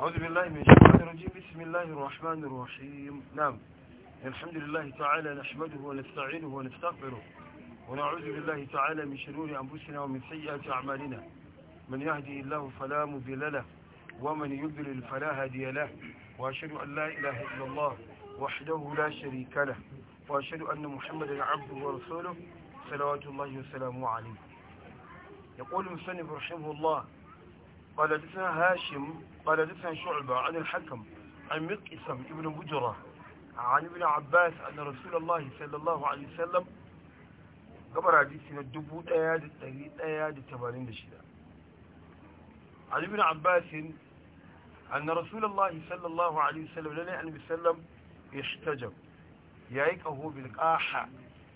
أعوذ بالله من الشيطان الرجيم بسم الله الرحمن الرحيم نعم الحمد لله تعالى نحمده ونستعينه ونستغفره ونعوذ بالله تعالى من شرور أنفسنا ومن سيئات أعمالنا من يهدي الله فلا مضل له ومن يضلل فلا هادي له وأشهد أن لا إله إلا الله وحده لا شريك له وأشهد أن محمدا عبده ورسوله صلوات الله وسلامه عليه يقول المصنف رحمه الله قال حدثنا هاشم قال حدثنا شعبة عن الحكم عن مقسم ابن بجرة عن ابن عباس أن رسول الله صلى الله عليه وسلم قبر حديثنا الدبو آيات التغيير آيات التمارين لشدة عن ابن عباس أن رسول الله صلى الله عليه وسلم لنا أن بسلم يحتجب يأيك هو بالقاحة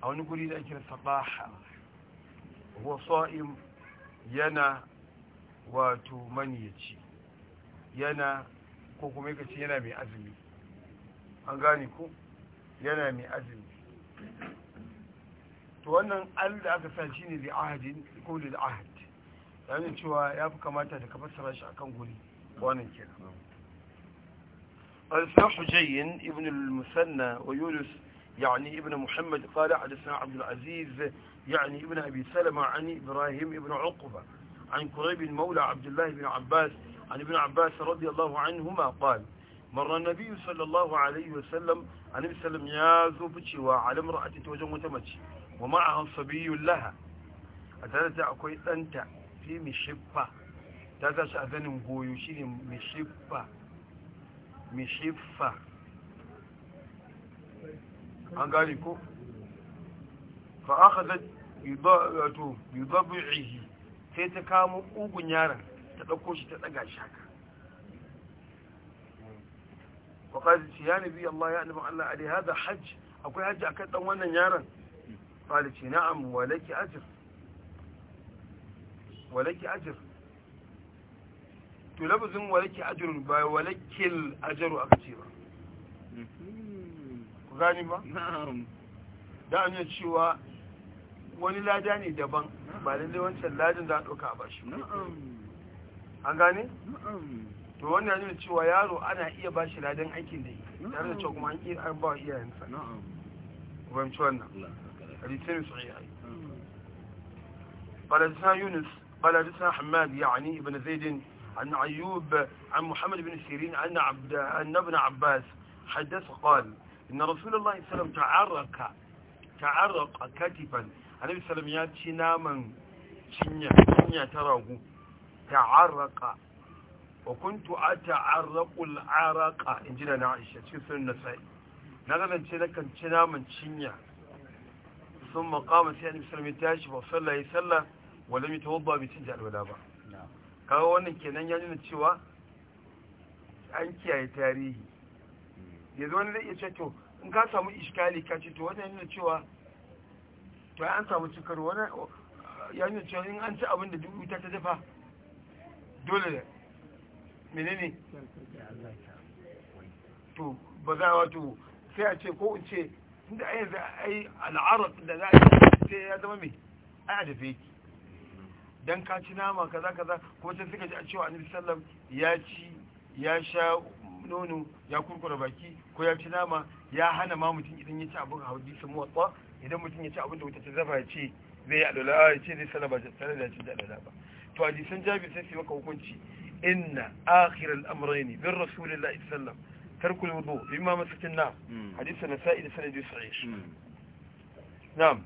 أو نقول إذا أنت الصباحة هو صائم ينا wato maniyaci yana ko kuma yake yana mai azumi an gane ko yana mai azumi to wannan al da aka sa shine li ahadin ko lil ahad yana cewa yafi kamata da ka fassara shi akan guri wannan kenan الفرح جين ابن المثنى ويونس يعني ابن محمد قال حدثنا عبد العزيز يعني ابن أبي سلمة عن إبراهيم ابن عقبة عن قريب مولى عبد الله بن عباس عن ابن عباس رضي الله عنهما قال مر النبي صلى الله عليه وسلم عن وسلم يا زوبتي وعلى امرأة توجه متمتي ومعها صبي لها أتلت أكوي أنت في مشفة تاتش أذن قوي شيني مشفة مشفة an gane ko sai ta kamo ugun yaron ta ɗauko shi ta ɗaga shi haka faƙazi ce ya nabi Allah ya nufin Allah a dai haza hajji akwai hajji a kan ɗan wannan yaron ƙwale ce na'am walaki ajir walaki ajir to labuzin walaki ajirun ba walaki ajiru aka ce ba ku gani ba? na'am da an yi cewa wani lada ne daban ba lallai wancan ladin za a ɗauka a bashi an gane? to wannan yana cewa yaro ana iya ba shi ladan aikin da yi tare da cewa kuma an ƙi an ba wa iyayensa fahimci wannan hadisin sahihai baladisa yunus baladisa hamad yani ibn zaidin عن عيوب عن محمد بن سيرين عن عبد أن ابن عباس حدث قال إن رسول الله صلى الله عليه وسلم تعرق تعرق كتفا annabi salam ya ci naman cinya cinya ta ragu ta'arraqa wa kuntu ata'arraqu al-araqa inji da Aisha cikin sunan Nasa'i na ce na kan ci naman cinya sun ثم قام سيدنا النبي صلى الله عليه وسلم فصلى يصلى ولم يتوضا بسجع الولا ba kawo wannan kenan ya nuna cewa an kiyaye tarihi hmm. yanzu wani zai iya ce to in ka samu iskali ka ce to wannan nuna cewa to an samu cikar wani ya yi cewa in an ci abin da duk wuta ta dafa dole da menene to ba za wato sai a ce ko in ce inda a yanzu a yi al'arar da za a yi sai ya zama mai a da feki don ka ci nama kaza kaza kuma can suka ji a cewa anil sallam ya ci ya sha nono ya kurkura baki ko ya ci nama ya hana mamutin idan ya ci abin a hadisi muwatsa idan mutum ya ci abin da wuta ta zafa ya ce zai yi alwala ya ce zai sana ba tare da cin alwala ba to hadisan jabir sai su maka hukunci inna akhir al-amrayn bir rasulillahi sallallahu tarku al-wudu bima masakin na hadith nasa'i da sanadi sahih na'am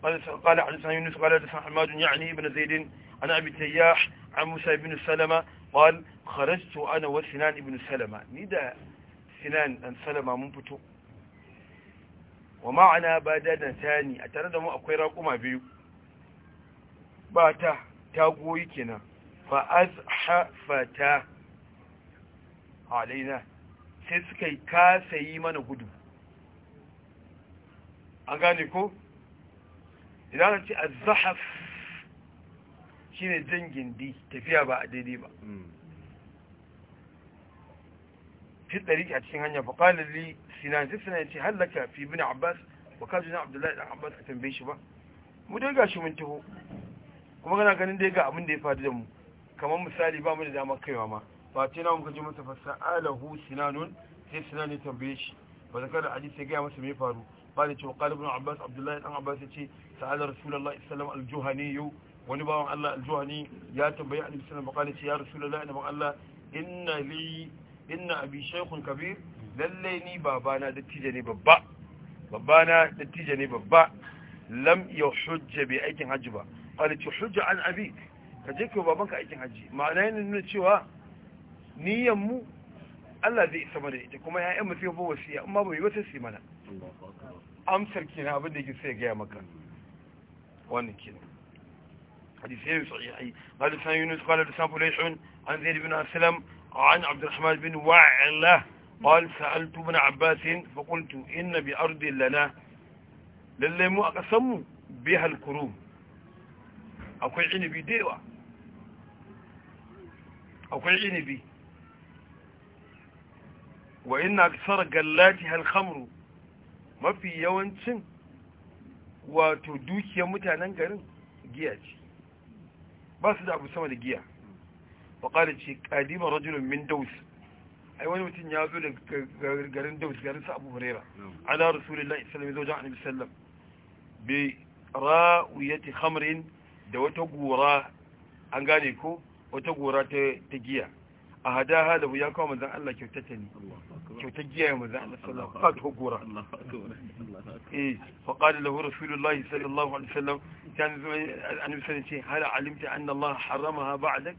قال قال عن يونس قال عن حماد يعني ابن زيد عن ابي التياح عن موسى بن سلمه قال خرجت انا وسنان ابن سلمه ندى سنان ان سلمه من فتو wa ma'ana badana sani a tare da mu akwai raƙuma biyu ba ta ta goyi kenan fa azhafata alaina sai suka yi kasa yi mana gudu an gane ko idan ce azhaf shine dangin gindi tafiya ba a daidai ba hmm. fi a cikin hanya fa qala li sinan sai sinan yace halaka fi ibn abbas wa abdullahi dan abbas ka tambaye shi ba mu dai gashi mun taho kuma kana ganin dai ga abin da ya faru da mu kamar misali ba mu da dama kaiwa ma ba ce na muka ji masa fasa'alahu sinanun sai sinan ya tambaye shi ba zakar hadisi ya gaya masa me faru ba da cewa qala ibn abbas abdullahi dan abbas yace sa'ala rasulullahi sallallahu alaihi wasallam al-juhani wani bawan Allah al-juhani ya tambaye annabi sallallahu alaihi wasallam ya rasulullahi Allah inna li inna abi shaykhun kabir lalle ni babana dattijo ne babba babana dattijo ne babba lam yahujja bi aikin hajji ba qala tu hujja an abi ka je ka babanka aikin hajji ma'ana yana nuna cewa niyyar mu Allah zai isa mana ita kuma ya'yan mu sai ba wasiya amma bai wata sai mana amsar kenan abin da yake sai ga maka wannan kenan hadisi sai sahih qala san yunus qala san fulayhun an zaid ibn aslam عن عبد الرحمن بن وعلة قال سألت ابن عباس فقلت إن بأرض لنا للمو أقسم بها الكروم أقول عيني بي ديوة أقول عيني بي وإن أكثر قلاتها الخمر ما في يوانسن wato dukiyar mutanen garin giya ce ba su da abu faƙalar ce ƙadima rajulun min daus ai wani mutum ya zo da garin daus garin sa abu hurera ana rasulullah islam ya zo jan annabi sallam bi ra'uyati khamrin da wata gura an gane ko wata gura ta giya a hada hada ya kawo manzan Allah kyautata ne kyautar giya ya manzan Allah sallallahu alaihi wasallam gura eh fa qala lahu rasulullah sallallahu alaihi wasallam kan zo an ce hal alimta anna Allah haramaha ba'dak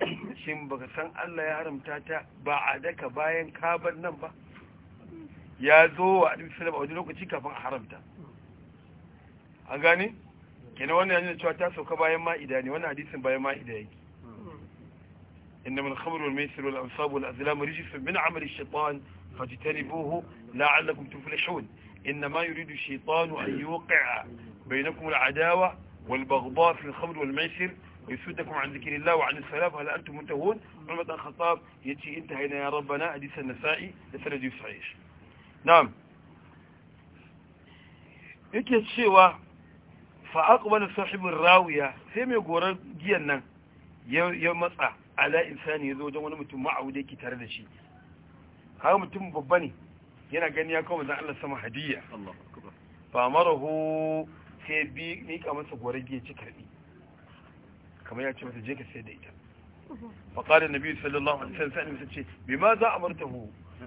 shin baka san Allah ya haramta ta ba a daka bayan kabar nan ba ya zo wa annabi sallallahu alaihi lokaci kafin a haramta an gane kenan wannan da cewa ta sauka bayan ma'ida ne wannan hadisin bayan ma'ida yake إنما الخمر والميسر والأنصاب والأزلام رجس من عمل الشيطان فاجتنبوه لعلكم تفلحون إنما يريد الشيطان أن يوقع بينكم العداوة والبغضاء في الخمر والميسر يسودكم عن ذكر الله وعن السلام هل أنتم منتهون عمر بن الخطاب يتي انتهينا يا ربنا حديث النسائي لسند يسعيش نعم yake cewa fa aqbala sahibur rawiya sai mai goran giyan nan ya matsa ala insani yazo wajen wani mutum ma'aude ki tare da shi kaga mutum babba ne yana gani ya kawo zan Allah sama marahu sai bi ka masa goran giya ci karbi kamar ya ce masa je ka sayar da ita fa qala nabi sallallahu alaihi wasallam sai ce bi ma za amartahu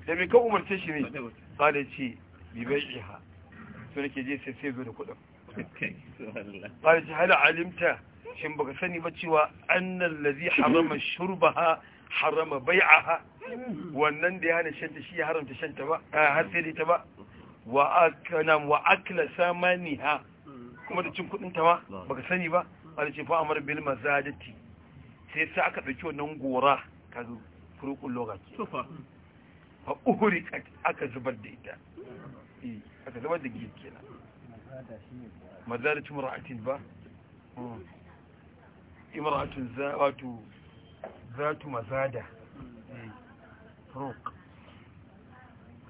da me ka umarce shi ne qala ce bi bai'iha to nake je sai sai zo da kudin qala ce hal alimta shin baka sani ba cewa annal ladhi harama shurbaha harama bai'aha wannan da ya hana shanta shi ya haramta shanta ba eh, har sai da ita ba wa akla samaniha kuma da cin kudin ta ma baka sani ba ƙarshe fa'amar bil mazajati sai sa aka ɗauki wannan gora ka furukun lokaci fa uhuri aka zubar da ita eh, aka zubar da giyar kenan mazajati mara'atin ba hmm. wato zatu tu mazada eh, furuk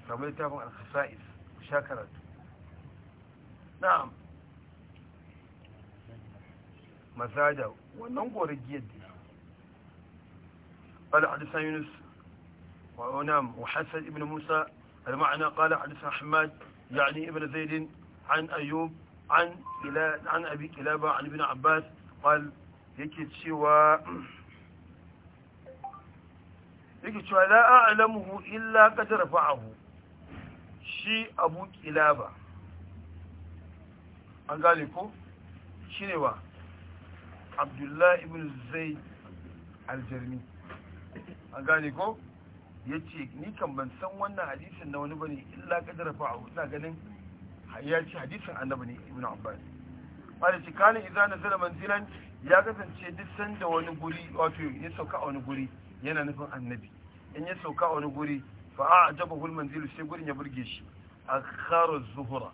samu littafin al-khasa'is shakaratu na'am مزاده ونن قرجيت قال حدثنا يونس وأنام وحسن ابن موسى المعنى قال حدثنا حماد يعني ابن زيد عن أيوب عن إلى عن أبي كلابة عن ابن عباس قال يكيد شوى لا أعلمه إلا قد رفعه شي أبو كلابة أقال لكم شنوى abdullahi ibn zai aljarmi a gane ko ya ce ni kan ban san wannan hadisin na wani bane illa kadara fa ina ganin ya ce hadisin annabi ne ibn abbas wanda ce kana idan nazara manzilan ya kasance duk sanda wani guri wato ya sauka a wani guri yana nufin annabi in ya sauka a wani guri fa a ajaba hulman manzilu sai gurin ya burge shi a akhara zuhura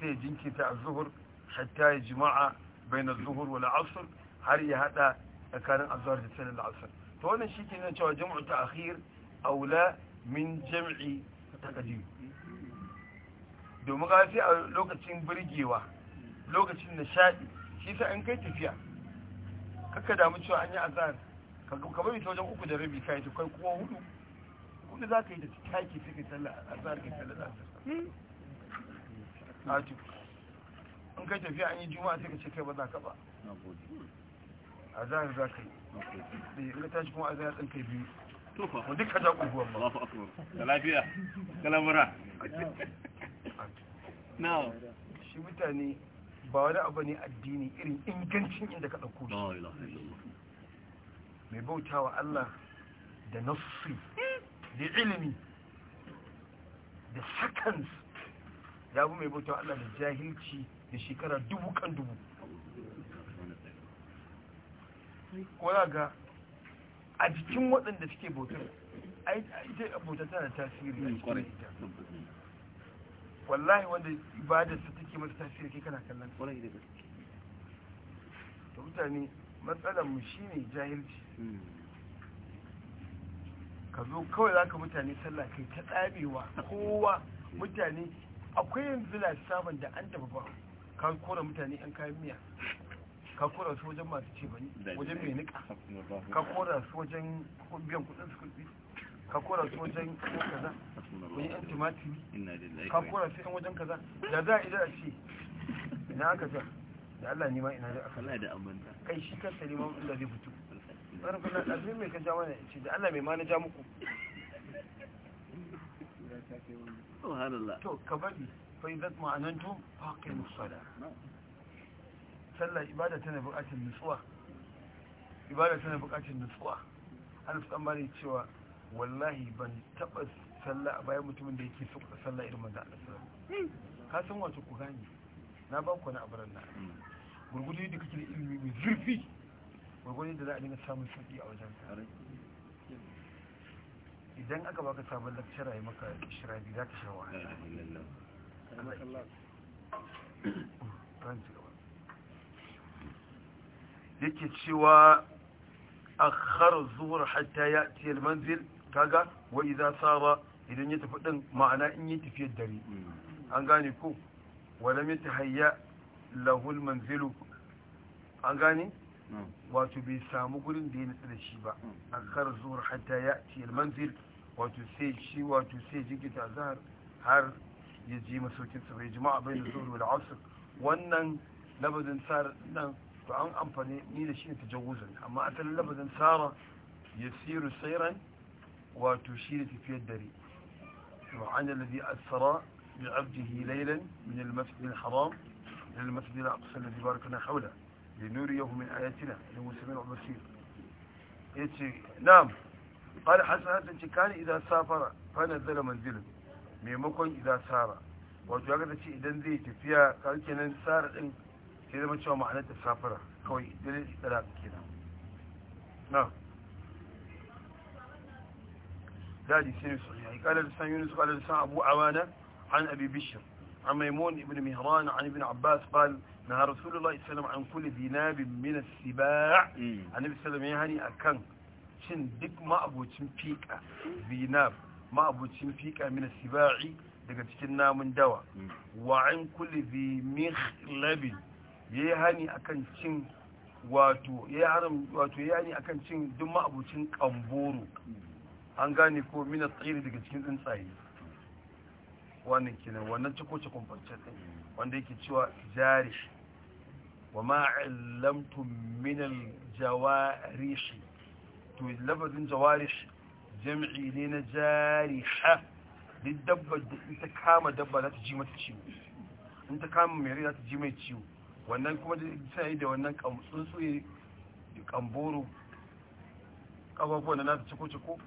sai jinkita a zuhur hatta ya jima'a bayan zuhur wal asr har ya hada tsakanin azhar da sallar asr to wannan shi ke nuna cewa jam'u ta'khir aula min jam'i taqdim domin ga sai a lokacin burgewa lokacin nishadi shi sai an kai tafiya kaka damu cewa an yi azhar kamar ta wajen uku da rabi kai ta kai kuma hudu hudu za ka yi da taki sai ka sallar azhar ka sallar asr in kai tafiya an yi juma'a sai ka ce kai ba za ka ba a zahar za ka yi da ya tashi kuma a zahar a kai biyu tufa duk ka ja ƙunguwan ma da lafiya da lamura na shi mutane ba wani abu ne addini irin ingancin inda ka ɗauko shi mai bautawa Allah da nassi da ilimi da seconds ya bu mai bautawa Allah da jahilci da shekara dubu kan dubu kola ga a jikin waɗanda suke bautar ita abota tana tasiri a cikin hmm, ita wallahi wanda ibadarsa take masa tasiri kai kana kallon kwarai da gaske to mutane matsalarmu shine jahilci hmm. ka zo kawai za ka mutane sallah kai ta tsabewa kowa mutane akwai yanzu lissafin da an tafi ba ka kora mutane yan kayan miya ka kora su wajen masu ce bane wajen mai nika ka kora su wajen biyan kudin su kudi ka kora su wajen kaza wani yan timatiri ka kora su yan wajen kaza da za a idan a ce ina aka sa da Allah ne ma ina da aka kai shi kansa nima wanda zai fito mai ka ja mana ce da Allah mai ja muku to ka bari fa idza ma'anantum faqimu salat ibada tana buƙatar nutsuwa ibada tana cewa wallahi ban taɓa sallah a bayan mutumin da yake suka sallah irin manzo Allah sallallahu ka san ku gane na ba ku na abaran na gurgudu da kake da ilimi mai zurfi gurgudu da za a dinga samun sauki a wajen ka idan aka baka sabon lakcira ya maka za sha wahala yake cewa akhar zuwar hatta ya tiyar manzil kaga za sa ba idan ya tafi ɗin ma'ana in yi tafiyar dare an gane ko wani mita hayya lahul manzilu an gane wato bai samu gurin da ya nutsu da shi ba a akhar zuwar hatta ya tiyar manzil wato sai shi wato sai jikita zahar har يجي مسوكين سبا يجمع بين الظهر والعصر وانن لبدن سار نن فعن أمباني نين شين تجوزا أما أتل لبدن سارة يسير سيرا وتشير في الدري وعن الذي أسرى بعبده ليلا من المسجد الحرام إلى المسجد الأقصى الذي باركنا حوله لنريه من آياتنا اللي هو سميع البصير نعم قال حسن هذا كان إذا سافر فنزل منزله maimakon idan sara wato ya ce idan zai tafiya karke nan sara din sai zama cewa ma'anar ta safara kawai dalil istira kenan na دادي سيرس يعني قال لسان يونس قال لسان أبو عوانة عن أبي بشر عن ميمون ابن مهران عن ابن عباس قال نهى رسول الله صلى الله عليه وسلم عن كل ذناب من السباع عن النبي صلى الله عليه وسلم يعني أكن شن دك ما أبو تنبيك ذناب ma'abucin fiƙa min siba'i daga cikin namun dawa wa an kulli bi ya yi hani akan cin wato ya yi wato hani akan cin duk ma'abucin ƙamboro an gane ko mina tsiri daga cikin tsuntsaye wannan kenan wannan ciko cikon farcen din wanda yake cewa jari wa ma'allamtum min al-jawarishi to labarin jawarishi jam'i ne na jari ha duk dabbar da in ta kama dabba za ta ji mata ciwo in ta kama mai rai za ta ji mai ciwo wannan kuma da yi da wannan tsuntsuye kamboro kafafuwan da na ta ciko-ciko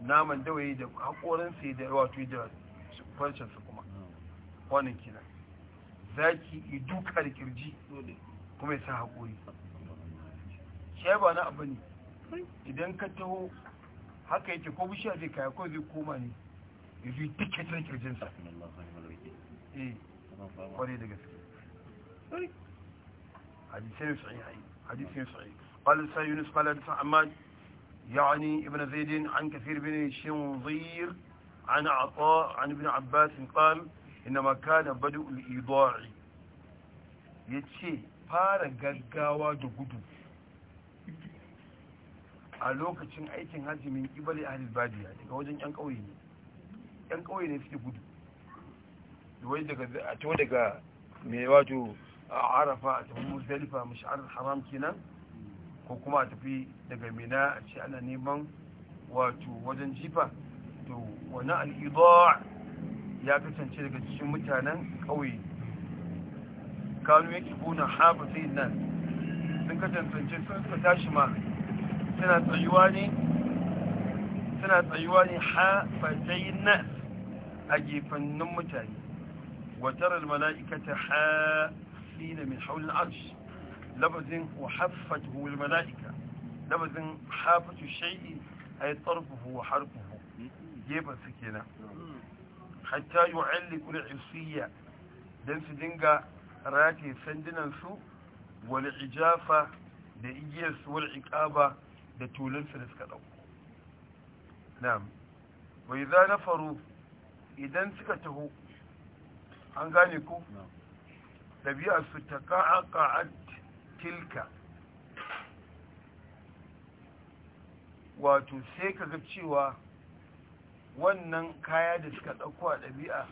naman dawaye da haƙorinsa da wato da farcinsa kuma wannan kina zaki yi duka da kirji kuma ya sa haƙori ke ba na abu ne idan ka taho haka yake ko bishiya zai kaya ko zai koma ne ya zai duka cikin kirjinsa eh, kwarai da gaske hadisai sahihai hadisai sahihai قال سيد يونس قال حدثنا عماد يعني ابن زيد عن كثير بن شنظير عن عطاء عن ابن عباس قال إنما كان بدء a lokacin aikin hajjimin min ibali ahlul badiya daga wajen yan kauye ne yan kauye ne suke gudu wai daga a to daga mai wato arafa a tafi muzdalifa mash'ar haram kenan ko kuma a tafi daga mina a ce ana neman wato wajen jifa to wani al'idar ya kasance daga cikin mutanen ƙauye kanu yake kuna haɓa sai nan sun kasance sun suka tashi ma suna tsayuwa ne suna tsayuwa ne hafatai nas a gefannin mutane watarar mala'ikata ha hafi na min haulin arsh labazin wa haffatu wal mala'ika labazin hafatu shai'i a yi tsarfuhu wa harfuhu gefansu kenan hatta yi wa'alli kuna isiyya don su dinga rataye sandunansu wal ijafa da igiyarsu wal iqaba da tulunsu da suka ɗauko na'am wai za na faru idan suka taho an gane ko ɗabi'a su ta a tilka wato sai kaga cewa wannan kaya da suka ɗauko a ɗabi'a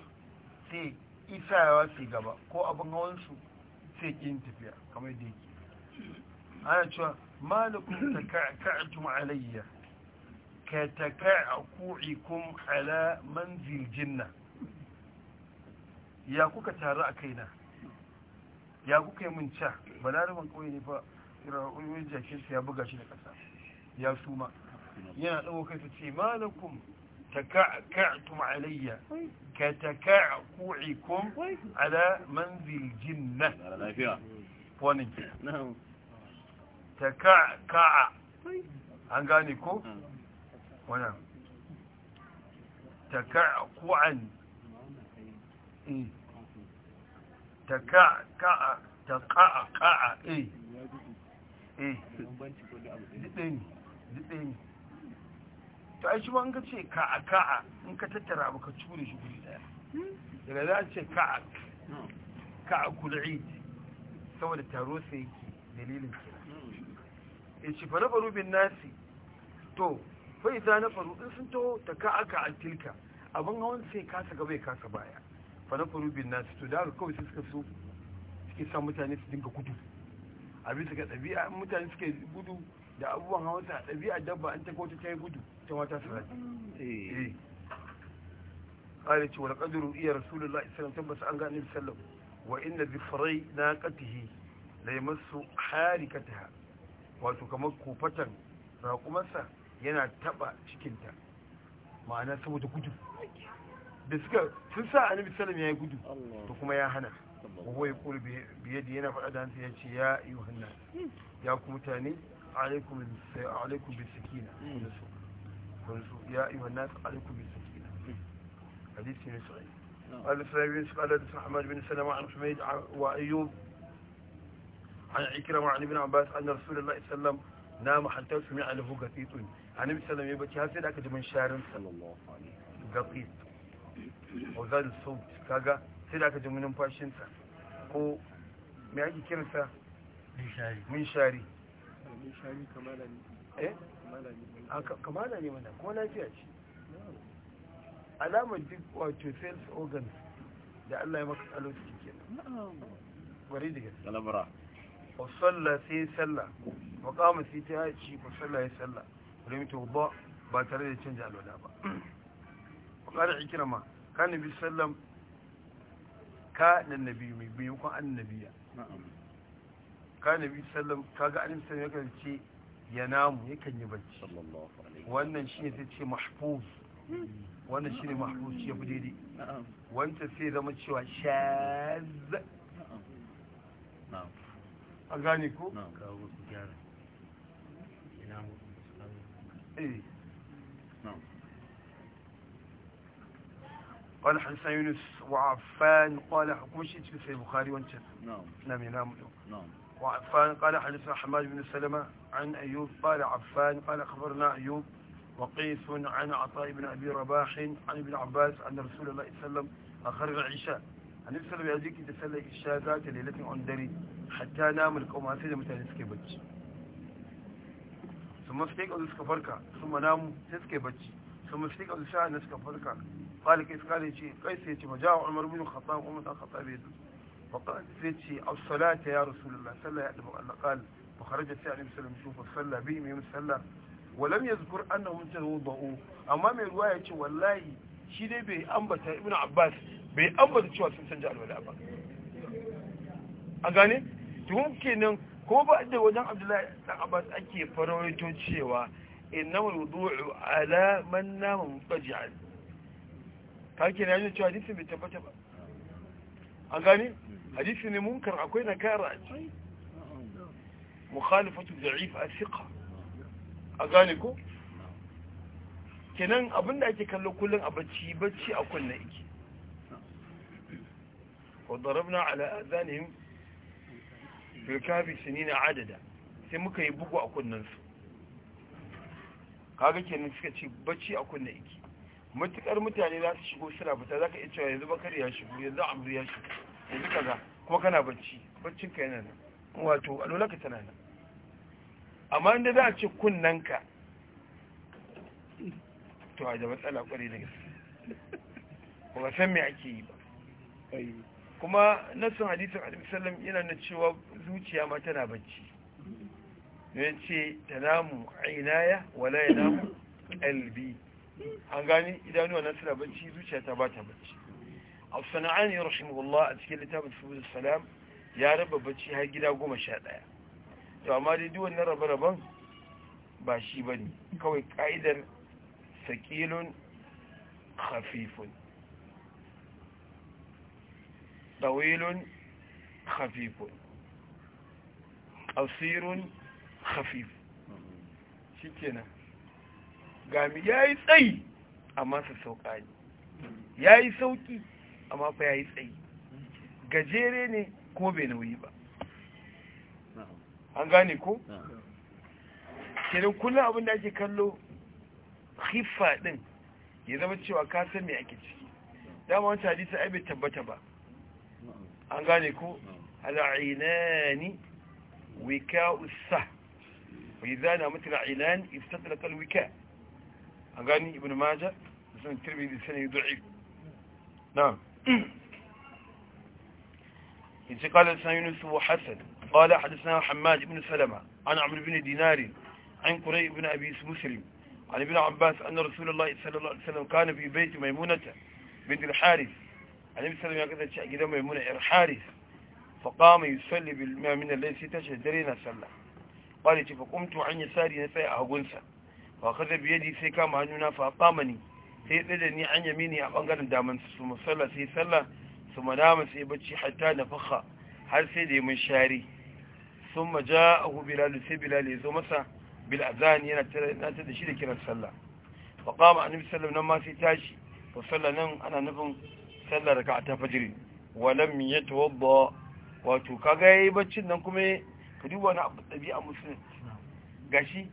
sai isawa sai gaba ko abin hawansu sai ƙin tafiya kamar da ana cewa ما لكم علي كتكع كوعكم على منزل جنة يا كوكا تارا أكينا يا كوكا منشا بلار من قويني فا يقول جاكيش يا بغاشي شنك يا سوما yana ɗago kai ta ce malakum taka'tum alayya ka taka'ku'ikum ala manzil jinna lafiya wannan ke ta ka'a an gane ko? wannan ta ka'a'an ta ka'a ta ka'a ka'a e? E! ɗin ɗin Ta ai shi ma ka ce ka'a ka'a in ka tattara ba ka cure shi guri daya daga za a ce ka'a ka'a kul'id saboda taro sai yake dalilin ke ya ce fa faru bin nasi to fa na faru in sun taho ta ka aka altilka abin hawan sai kasa gaba ya kasa baya fa faru bin nasi to da kawai sai suka so suke sa mutane su dinga gudu abin suka ɗabi'a mutane suke gudu da abubuwan hawan sa ɗabi'a dabba an ta kota ta yi gudu ta mata su rati eh. eh. ƙare ce wani ƙadiru iya rasulullah islam tabbas an gani sallam wa inna zifarai na ƙatihi la yamassu ta wato kamar kofatan raƙumarsa yana taɓa cikinta ma'ana saboda gudu da suka sun sa annabi sallam ya yi gudu to kuma ya hana wai kul biye da yana faɗa da hansa ya ce ya yi wannan ya ku mutane alaikum bi sakina ya yi hanna alaikum bi na hadisi ne sa'i قال السلام بن سعد بن سلمة عن حميد وأيوب an ikrama an ibn abbas an rasulullahi sallam na mahantar su min alifu gatsitsun annabi sallam ya bace har sai da aka ji mun sharin sallallahu alaihi gatsit ozal saut kaga sai da aka ji mun numfashin ko me ake kiran sa mun shari mun shari kamala ne eh kamala ne mana ko lafiya ce alamar duk wato sales organs da Allah ya maka tsalo suke kenan. wa salla sai salla wa kama sai ta yaci wa salla ya sallah rami ta ba ba tare da canja alwala ba wa kara ikirama ka nabi sallam ka nan nabi mai maimakon annabiya ka nabi sallam ka ga annabi sallam ya kan kasance ya namu yakan yi bacci wannan shi ne sai ce mahfuz wannan shi ne mahfuz ya fi daidai wanta sai zama cewa shaz Eh. قال حسين يونس وعفان قال حكمشي في البخاري وانت نعم نعم نعم نعم وعفان قال حديث حماد بن سلمة عن أيوب قال عفان قال أخبرنا أيوب وقيس عن عطاء بن أبي رباح عن ابن عباس أن رسول الله صلى الله عليه وسلم أخرج العشاء annabi sallallahu ya jiki da sallar isha za ta lailatin on dare hatta namul qauma sai da mutane suke bacci masu mafita kazu suka farka sun manamu sai suke bacci sun mafita kazu sha na suka farka su kare ce kai sai ce majawa umar bin khattab kuma dan khattab ya faqat sai ce a salata ya rasulullah sallallahu alaihi wa sallam qal fa kharaja sai annabi sallallahu alaihi wa sallam salla bi mai musalla ولم يذكر أنهم تنوضعوا أما من رواية والله شيء بي ambata ابن abbas. bai ambata cewa sun canja alwala ba a gane tun kenan ko ba da wajen abdullahi dan abbas ake farawaito cewa innamul wudu'u ala man nama mutaji'an ka ke na cewa hadisi bai tabbata ba a gane hadisi ne munkar akwai nakara a ciki mukhalifatu da'if a a gane ko kenan abinda ake kallo kullum a bacci bacci a kunne yake وضربنا على آذانهم bilkafi sinina adada sai muka yi bugu a kunnansu kaga kenan suka ce bacci a kunna iki matukar mutane za su shigo suna fita za ka iya cewa yanzu bakar ya shigo yanzu amur ya shigo yanzu kaza kuma kana bacci baccin ka yana nan wato a lola ka tana nan amma inda za a ce kunnanka to a da matsala kwarai da gaske ba san me ake yi ba kuma san hadisin alaihi sallam yana na cewa zuciya ma tana bacci ne ce ta namu ainaya wala ya namu kalbi an gani idanuwa na suna bacci zuciya ta bata bacci a sana'ani rahimahullah a cikin littafin subudu salam ya raba bacci har gida goma sha ɗaya to amma dai duk wannan rabe-raben ba shi bane kawai ka'idar sakilun khafifun طويل خفيف قصير خفيف shikenan gami yayi tsayi amma su sauka ne yayi sauki amma fa yayi tsayi gajere ne kuma bai nauyi ba an gane ko kenan kullum abin da ake kallo hifa din ya zama cewa ka san me ake ciki dama wancan hadisa ai bai tabbata ba an gane ko al'inani wika'u وإذا نامت العينان استدلت الوكاء أنغاني ابن ماجة سنة الترمذي سنة ضعيف نعم إذا قال حدثنا يونس وحسن قال حدثنا حماد بن سلمة عن عمرو بن دينار عن قريب بن أبي مسلم عن ابن عباس أن رسول الله صلى الله عليه وسلم كان في بيت ميمونة بنت الحارث annabi sallallahu ya kasance a gidan maimuna yar haris fa qama yusalli bil mu'min alladhi tashi dare na sallah qali ci fa qumtu an yasari na tsaya a hagunsa fa kaza bi yadi sai kama hannuna fa qamani sai tsada ni an yamini a bangaren daman su musalla sai sallah su madama sai bacci hatta na fakha har sai da mun share sun maja abu bilal sai bilal ya zo masa bil azan yana tana da shi da kiran sallah fa qama annabi sallallahu alaihi ma sai tashi fa sallah nan ana nufin sallar ka ta fajr wa lam yatawadda wato kaga yayi baccin nan kuma ka duba na a musulmi gashi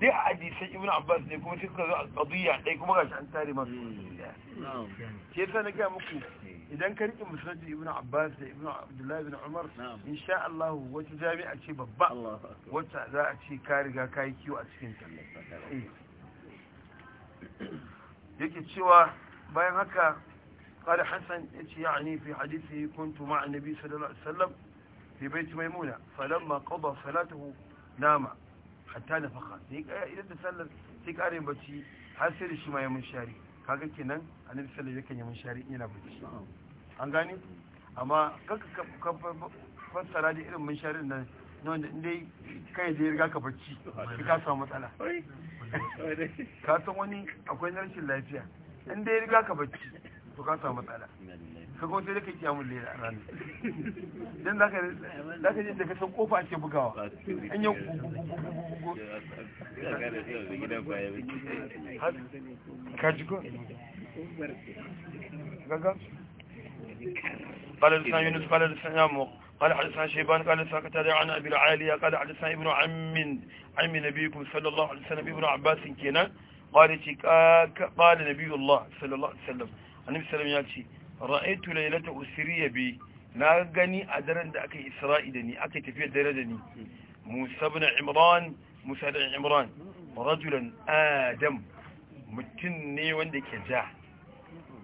duk a ibnu ibn abbas ne kuma suka zo a dai kuma gashi an tare ma ke sai na ga muku idan ka riki musulunci ibn abbas da ibn abdullahi ibn umar insha Allah wata jami'a ce babba wata za a ce ka riga ka yi kiwo a cikin ta eh. yake cewa bayan haka قال حسن يعني في حديثه كنت مع النبي صلى الله عليه وسلم في بيت ميمونة فلما قضى صلاته نام حتى نفخ إذا تسلل تيك أرين حسر شي ما شاري kaga kenan annabi sallallahu alaihi wasallam yakan yi munshari ina bacci an gani amma kaka ka fassara da irin munsharin nan non dai kai da riga ka bacci sai ka samu matsala ka san wani akwai rashin lafiya inda ya riga ka bacci to kan samu matsala ka kuma sai da ka kiyamun lera a ranar don za ka je da ka san kofa ake bugawa an yi ka ji ko gaga قال لسان يونس قال لسان يامق قال حدثنا شيبان قال لسان قتادة عن أبي العالية قال حدثنا ابن عم عم نبيكم صلى الله عليه وسلم ابن عباس كنا قال قال نبي الله صلى الله عليه وسلم annabi sallallahu ya ce ra'aytu laylata usriya bi na gani a daren da aka isra'i da ni aka tafi dare da ni musa ibn imran musa ibn imran rajulan adam mutum ne wanda ke ja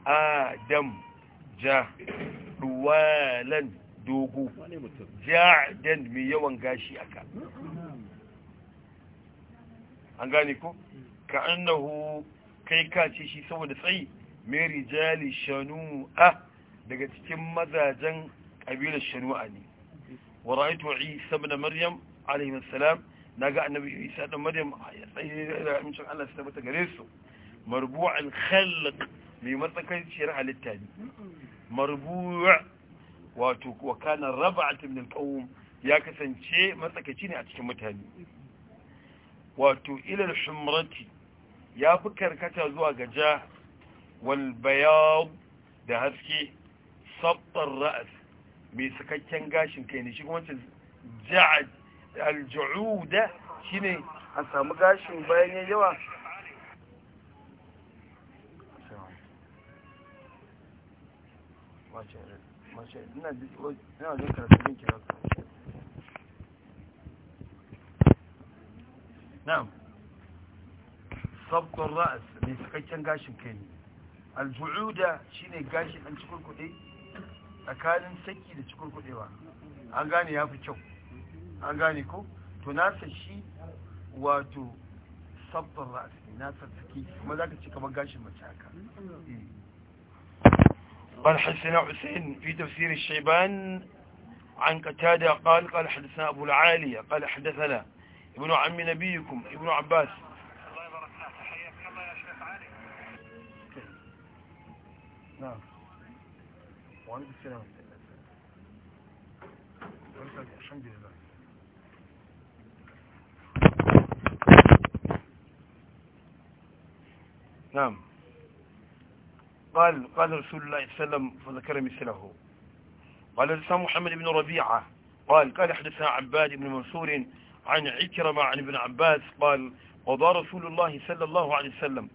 adam ja duwalan dogo ja'dan mai yawan gashi aka an gane ko ka annahu kai ce shi saboda tsayi meri jali shanu'a daga cikin mazajen ƙabilar shanu'a ne wa ra'aitu isa ibn maryam alayhi assalam naga annabi isa ibn maryam ya tsaye da amincin Allah sai ta gare su marbu'al khalq mai matsakaiciyar halitta ne marbu' wato wa kana rab'at min al ya kasance matsakaci ne a cikin mutane wato ilal shumrati ya fi karkata zuwa ga والبياض ده هسكي سبط الرأس بيسكتشن قاشن كيني شكو مانشن جعد الجعودة شيني هسا مقاشن بايني جوا نعم،, نعم،, نعم،, نعم سبط الرأس بيسكتشن قاشن كيني الجعودة شيني قاشي عن شكل كحي أكادن سكي لشكل كحيوة أغاني يافي شو أغاني كو تناسى الشي واتو سبط الرأس ناسى سكي كما ذاك الشيكا بقاشي مشاكا قال حسنا حسين في تفسير الشيبان عن قتادة قال قال حدثنا أبو العالية قال حدثنا ابن عم نبيكم ابن عباس نعم وعليك السلام الحمد لله نعم قال قال رسول الله صلى الله عليه وسلم فذكر مثله قال رسول محمد بن ربيعة قال قال حدثنا عباد بن منصور عن عكرمة عن ابن عباس قال قضى رسول الله صلى الله عليه وسلم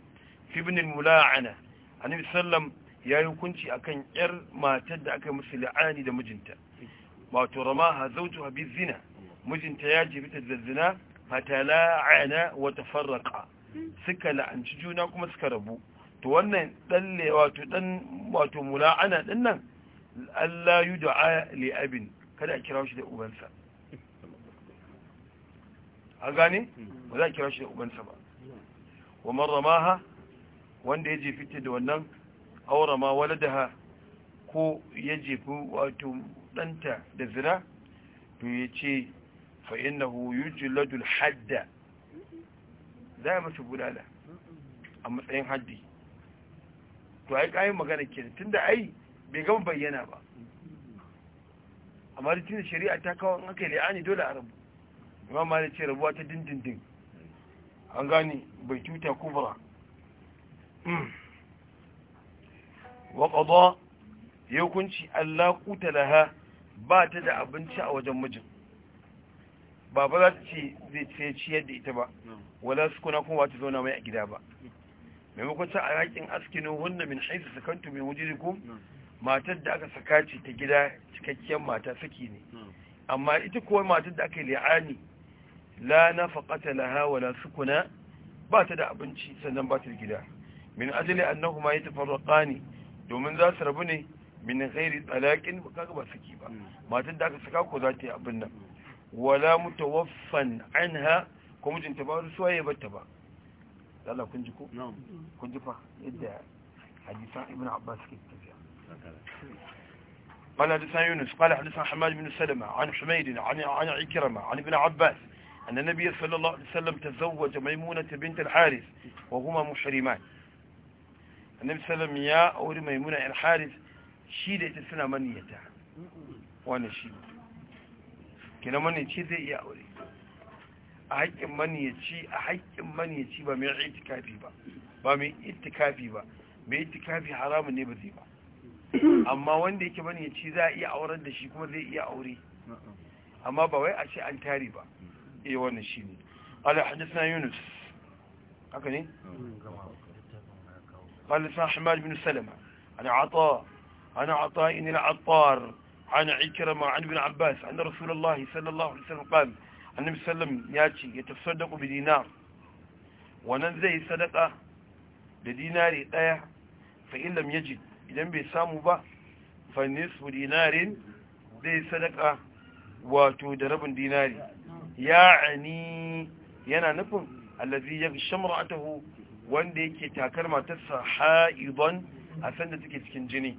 في ابن الملاعنة عن ابن سلم ya yi hukunci kan yar matar da aka yi musu la'ani da mijinta wato ramaha zautu ha zina mijinta ya jibita da zina fata la'ana wata farraka suka la'anci juna kuma suka rabu to wannan ɗalle wato ɗan wato mula'ana ɗin nan Allah yi da abin kada a kira shi da ubansa a gane ba za a kira shi da ubansa ba wa marramaha wanda ya jefita da wannan aura ma waladaha ko ya jefi wato ɗanta da zira to ya ce na huyu yujladul hadda za a masa gudana a matsayin haddi to a yi kayan magana tun tunda ai bai gama bayyana ba amma da shari'a ta kawo an aka yi la'ani dole a rabu ma malik ce rabuwa ta dindindin an gane bai tuta kubura. wa qada ya hukunci Allah kuta laha ba ta da abinci a wajen mijin ba za ta ce zai ce ciyar da ita ba wala kuna kuma ta zauna mai a gida ba maimakon ta a yakin askinu hunna min haisu sakantu min ku. matar da aka saka ce ta gida cikakkiyar mata saki ne amma ita kuwa matar da aka yi la'ani, la na nafaqata laha wala sukuna ba ta da abinci sannan ba ta gida min annahu ajli annahuma ne? domin za su rabu ne min khairi talakin ba kaga ba suke ba matan da aka saka ko za ta yi abin nan wala mutawaffan anha ko ta ba su waye ta ba Allah kun ji ko na'am kun ji fa yadda hadisan ibn abbas ke tafiya قال حدثنا يونس قال حدثنا حماد بن سلمة عن حميد عن عن عكرمة عن ابن عباس أن النبي صلى الله عليه وسلم تزوج ميمونة بنت الحارث وهما محرمان annabi sallam ya auri maimuna yar haris shi da ita suna maniyata wani shi kina maniyaci zai iya aure a haƙƙin maniyaci a haƙƙin maniyaci ba mai itikafi ba ba mai itikafi ba mai itikafi haramun ne ba zai ba amma wanda yake maniyaci za a iya auren da shi kuma zai iya aure amma ba wai a ce an tare ba eh wannan shi ne ala hadisna yunus haka ne mm. قال لسان حماد بن سلمة عن عطاء عن عطاء العطار عن عكرمة عن ابن عباس أن رسول الله صلى الله عليه وسلم قال النبي صلى الله عليه وسلم ياتي يتصدق بدينار وننزل صدقة بدينار آية فإن لم يجد إذا بيسامو با فنصف دينار زي صدقة وتدرب دينار يعني ينا نفهم الذي يغشم امرأته wanda yake takar matarsa ha'idon a sanda take cikin jini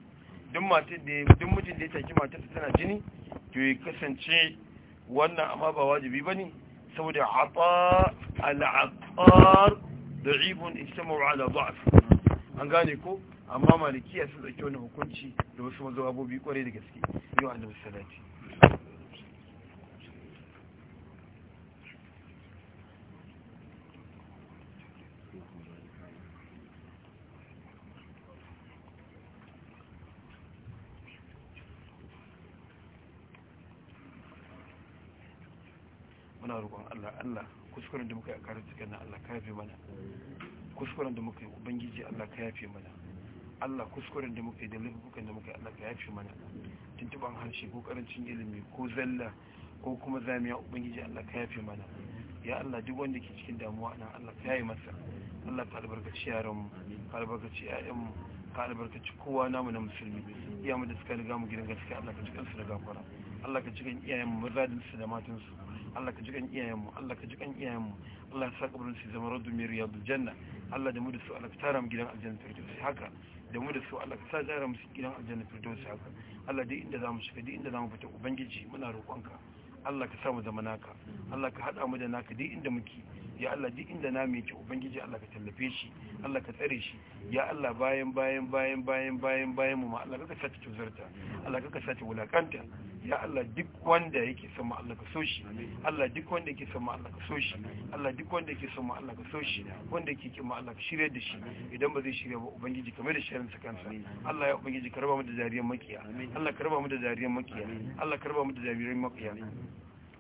duk mutum da ya taki matarsa tana jini to ya kasance wannan amma ba wajibi ba ne saboda al'aqar da ribun istamar ala ba'af an gane ko amma malikiya sun ɗauki wani hukunci da wasu mazawabobi kwarai da gaske yau annabi salati roƙon Allah Allah kuskuren da muka yi a karin cikin na Allah ka yafe mana kuskuren da muka yi ubangiji Allah ka yafe mana Allah kuskuren da muka yi da laifukan da muka yi Allah ka yafe mana tuntuban harshe ko karancin ilimi ko zalla ko kuma zamiya ubangiji Allah ka yafe mana ya Allah duk wanda ke cikin damuwa nan Allah ka yi masa Allah ka albarkaci yaranmu ka albarkaci ƴaƴanmu ka albarkaci kowa namu na musulmi iya mu da suka riga mu gidan gaskiya Allah ka cikin su da gafara Allah ka cikin iyayen mazalinsu da matansu Allah ka ji kan iyayenmu Allah ka ji kan iyayenmu Allah ya sa kabarin su zama radu mai riyadu janna Allah da mu da su Allah ka tara mu gidan aljanna firdausi haka da mu da su Allah ka sa tara mu gidan aljanna firdausi haka Allah duk inda zamu shiga duk inda zamu fita ubangiji muna roƙonka Allah ka sa mu zama naka Allah ka hada mu da naka duk inda muke ya Allah duk inda na mai ubangiji Allah ka tallafe shi Allah ka tsare shi ya Allah bayan bayan bayan bayan bayan bayan mu ma Allah ka sa ta Allah ka sa wulakanta ya Allah duk wanda yake son mu Allah ka so shi Allah duk wanda yake son mu Allah ka so shi Allah duk wanda yake son mu Allah ka so shi wanda yake kin mu Allah ka shirye da shi idan ba zai shirye ba ubangiji kamar da shirin sa kansa Allah ya ubangiji ka raba mu da jariyar makiya Allah ka raba mu da jariyar makiya Allah ka raba mu da jariyar makiya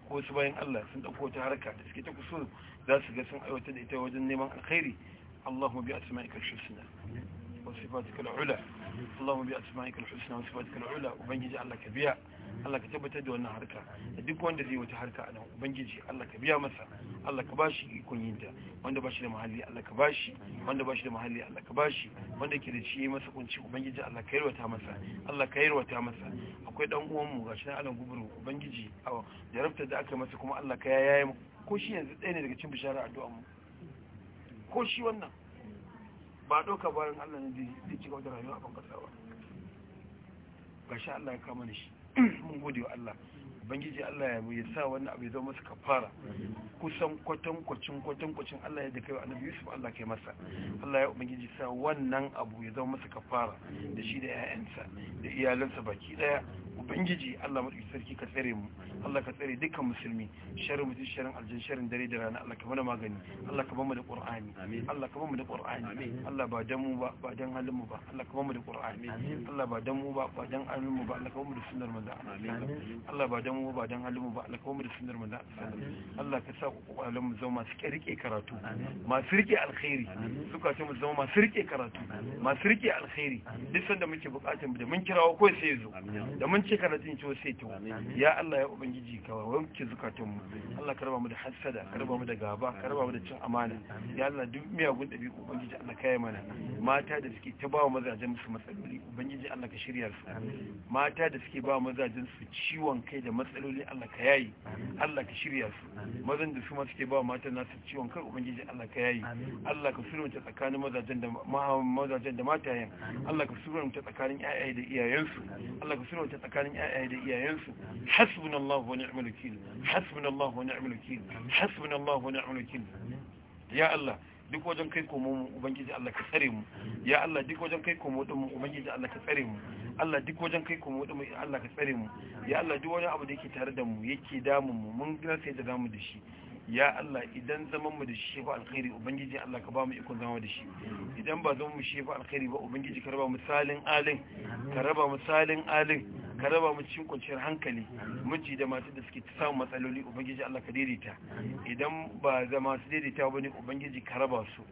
ko wasu bayan Allah sun dauko ta harka da suke ta kuso za su ga sun aiwatar da ita wajen neman alkhairi Allahumma bi asma'ika al-husna وصفاتك العلى اللهم بأسمائك الحسنى وصفاتك ubangiji allah ka biya. Allah ka tabbatar da wannan harka da duk wanda zai wata harka a nan ubangiji Allah ka biya masa Allah ka bashi ikon yin ta wanda bashi da mahalli Allah ka bashi wanda bashi da mahalli Allah ka bashi wanda ke da shi masa kunci ubangiji Allah ka yarwata masa Allah ka yarwata masa akwai dan uwan mu gashi nan Allah guburu ubangiji a jarabta da aka masa kuma Allah ka yayaye mu ko shi yanzu ɗaya ne daga cikin bishara addu'a mu ko shi wannan ba ɗauka bayan Allah ne zai ci gaba da rayuwa a ban kasa ba gashi Allah ya kama da shi mun gode wa Allah ubangiji Allah ya ya sa wani abu ya zo masa kafara kusan kwatan kwacin kwatan kwacin Allah ya dake annabi Yusuf Allah kai masa Allah ya ubangiji sa wannan abu ya zama masa kafara da shi da ƴaƴansa da iyalansa baki daya ubangiji Allah madauki sarki ka tsare mu Allah ka tsare dukkan musulmi sharri mutum sharrin aljin sharrin dare da rana Allah ka mana magani Allah ka bamu da Qur'ani Allah ka bamu da Qur'ani Allah ba dan mu ba ba dan halin mu ba Allah ka bamu da Qur'ani Allah ba dan mu ba ba dan halin mu ba Allah ka bamu da sunnar manzo Allah ba dan mu ba don halin ba da sunar Allah ka sa kwalan mu zama masu rike karatu masu rike alkhairi suka ce mu zama masu rike karatu masu rike alkhairi duk sanda muke bukatar da mun kirawo ko sai zo da mun ce karatun ciwo sai to ya Allah ya ubangiji ka wanke zukatan mu Allah ka mu da mu da gaba mu da cin amana ya Allah duk miyagun ubangiji Allah mana mata da suke ta ba wa mazajen su matsaloli ubangiji Allah ka shirya su mata da suke ba mazajen su ciwon kai da matsaloli matsaloli Allah ka yayi Allah ka shirya su mazan da su ma suke ba matan nasu ciwon kar ubangiji Allah ka yayi Allah ka surunta tsakanin mazajen da mazajen da matayen Allah ka surunta tsakanin iyaye da iyayensu Allah ka surunta tsakanin iyaye da iyayensu hasbunallahu wa ni'mal wakeel hasbunallahu wa ni'mal wakeel hasbunallahu wa ni'mal wakeel ya Allah duk wajen kai komo mu ubangiji Allah ka tsare mu ya Allah duk wajen kai komo din mu ubangiji Allah ka tsare mu Allah duk wajen kai komo din mu Allah ka tsare mu ya Allah duk wani abu da yake tare da mu yake damu mu mun rasa da zamu da shi ya Allah idan zaman mu da shi fa alkhairi ubangiji Allah ka ba mu ikon zama da shi idan ba zaman mu shi fa alkhairi ba ubangiji ka raba misalin alin ka raba misalin alin ka raba mu cikin kwanciyar hankali miji da masu da suke samun matsaloli ubangiji Allah ka daidaita idan ba da masu daidaita ba ne ubangiji ka raba su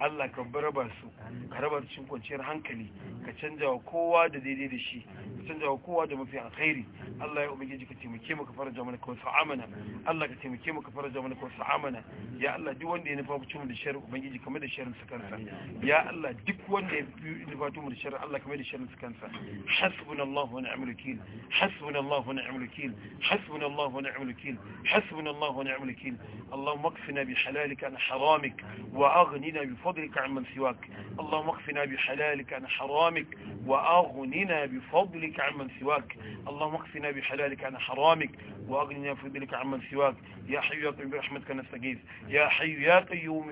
Allah ka raba su ka raba cikin kwanciyar hankali ka canja wa kowa da daidai da shi canja wa kowa da mafi alkhairi Allah ya ubangiji ka taimake mu ka faraja mana ko sa'amana Allah ka taimake mu ka faraja mana ko sa'amana ya Allah duk wanda ya nufa mu da sharri ubangiji kamar da sharrin sa kansa ya Allah duk wanda ya nufa mu da sharri Allah kamar da sharrin sa kansa hasbunallahu wa ni'mal wakeel hasbunallahu wa ni'mal wakeel hasbunallahu wa ni'mal wakeel hasbunallahu wa ni'mal wakeel اللهم اكفنا بحلالك عن حرامك واغننا بفضلك عمن سواك اللهم اكفنا بحلالك عن حرامك واغننا بفضلك بفضلك عمن سواك اللهم اكفنا بحلالك عن حرامك واغننا بفضلك عمن سواك يا حي يا قيوم برحمتك نستغيث يا حي يا قيوم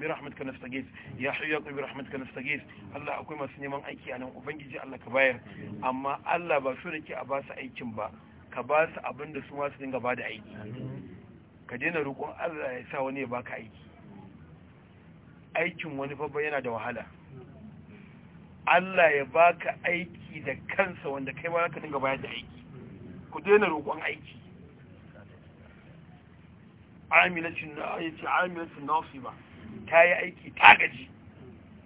برحمتك نستغيث يا حي يا قيوم برحمتك نستغيث Allah akwai masu neman aiki a nan ubangiji Allah ka bayar amma Allah ba su da ke a ba su aikin ba ka ba su abin da su masu dinga ba da aiki ka daina roƙon Allah ya sa wani ya baka aiki aikin wani babba yana da wahala Allah ya baka aiki aiki da kansa wanda kai ma ka dinga bayar da aiki ku daina roƙon aiki amilacin na ya ce amilacin na wasu ba ta yi aiki ta gaji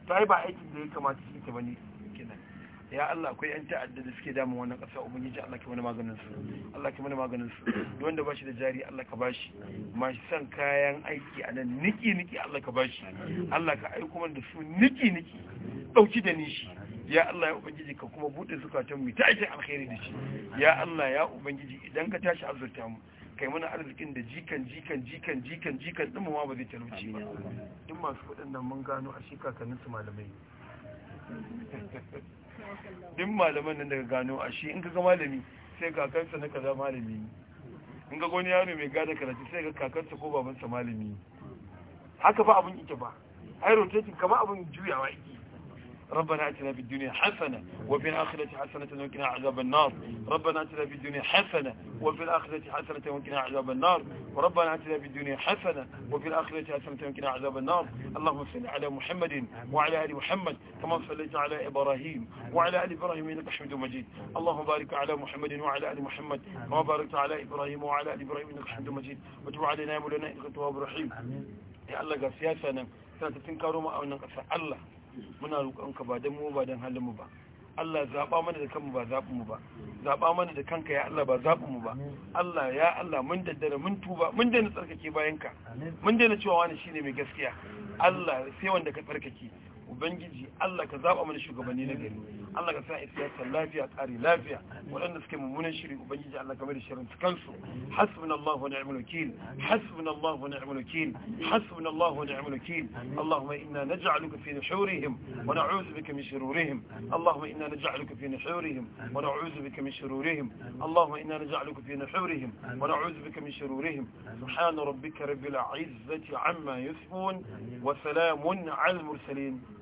ta yi ba aikin da ya kamata su yi ta bane kenan ya Allah akwai yan ta'adda da suke damun wannan ƙasa ubangiji Allah ke wani maganin su Allah ke wani maganin su duk wanda bashi da jari Allah ka bashi masu son kayan aiki a nan niki niki Allah ka bashi Allah ka aiko mana da su niki niki dauki da nishi ya Allah ya ubangiji ka kuma bude zukatan mu ta aikin alkhairi da shi ya Allah ya ubangiji idan ka tashi azurta mu kai mana arzikin da jikan jikan jikan jikan jikan din ma ba zai talauci ba duk masu kudin nan mun gano a shi kakannin su malamai duk malaman nan daga gano a shi in ka ga malami sai kakansa na kaza malami ne in ga wani yaro mai gada karatu sai ga kakansa ko babansa malami ne haka ba abun ita ba ai rotating kamar abun juyawa yake ربنا أتنا في الدنيا حسنة وفي الآخرة حسنة وقنا عذاب النار ربنا أتنا في الدنيا حسنة وفي الآخرة حسنة وقنا عذاب النار ربنا أتنا في الدنيا حسنة وفي الآخرة حسنة وقنا عذاب النار اللهم صل على محمد وعلى آل محمد كما صليت على إبراهيم وعلى آل إبراهيم إنك حميد مجيد اللهم بارك على محمد وعلى آل محمد كما باركت على إبراهيم وعلى آل إبراهيم إنك حميد مجيد وتب علينا يا مولانا إنك تواب رحيم يا الله قاسيا سنه nan tana او tinkaro الله muna roƙonka ba don mu ba don halin mu ba Allah zaɓa mana da kanmu ba zaɓinmu ba zaɓa mana da kanka ya Allah ba zaɓinmu ba Allah ya Allah mun daddara mun tuba mun daina tsarkake bayanka mun daina cewa wani shine mai gaskiya Allah sai wanda ka tsarkake ubangiji Allah ka zaba mana shugabanni na gari Allah ka sa siyasar lafiya tsari lafiya waɗanda suke mummunan shiri ubangiji Allah ka mai shirin kansu hasbunallahu wa ni'mal wakeel hasbunallahu wa ni'mal wakeel hasbunallahu wa ni'mal wakeel Allahumma inna naj'aluka fi nushurihim wa na'udhu bika min shururihim Allahumma inna naj'aluka fi nushurihim wa na'udhu bika min shururihim Allahumma inna naj'aluka fi nushurihim wa na'udhu bika min shururihim subhana rabbika rabbil izzati amma yasifun wa salamun 'alal mursalin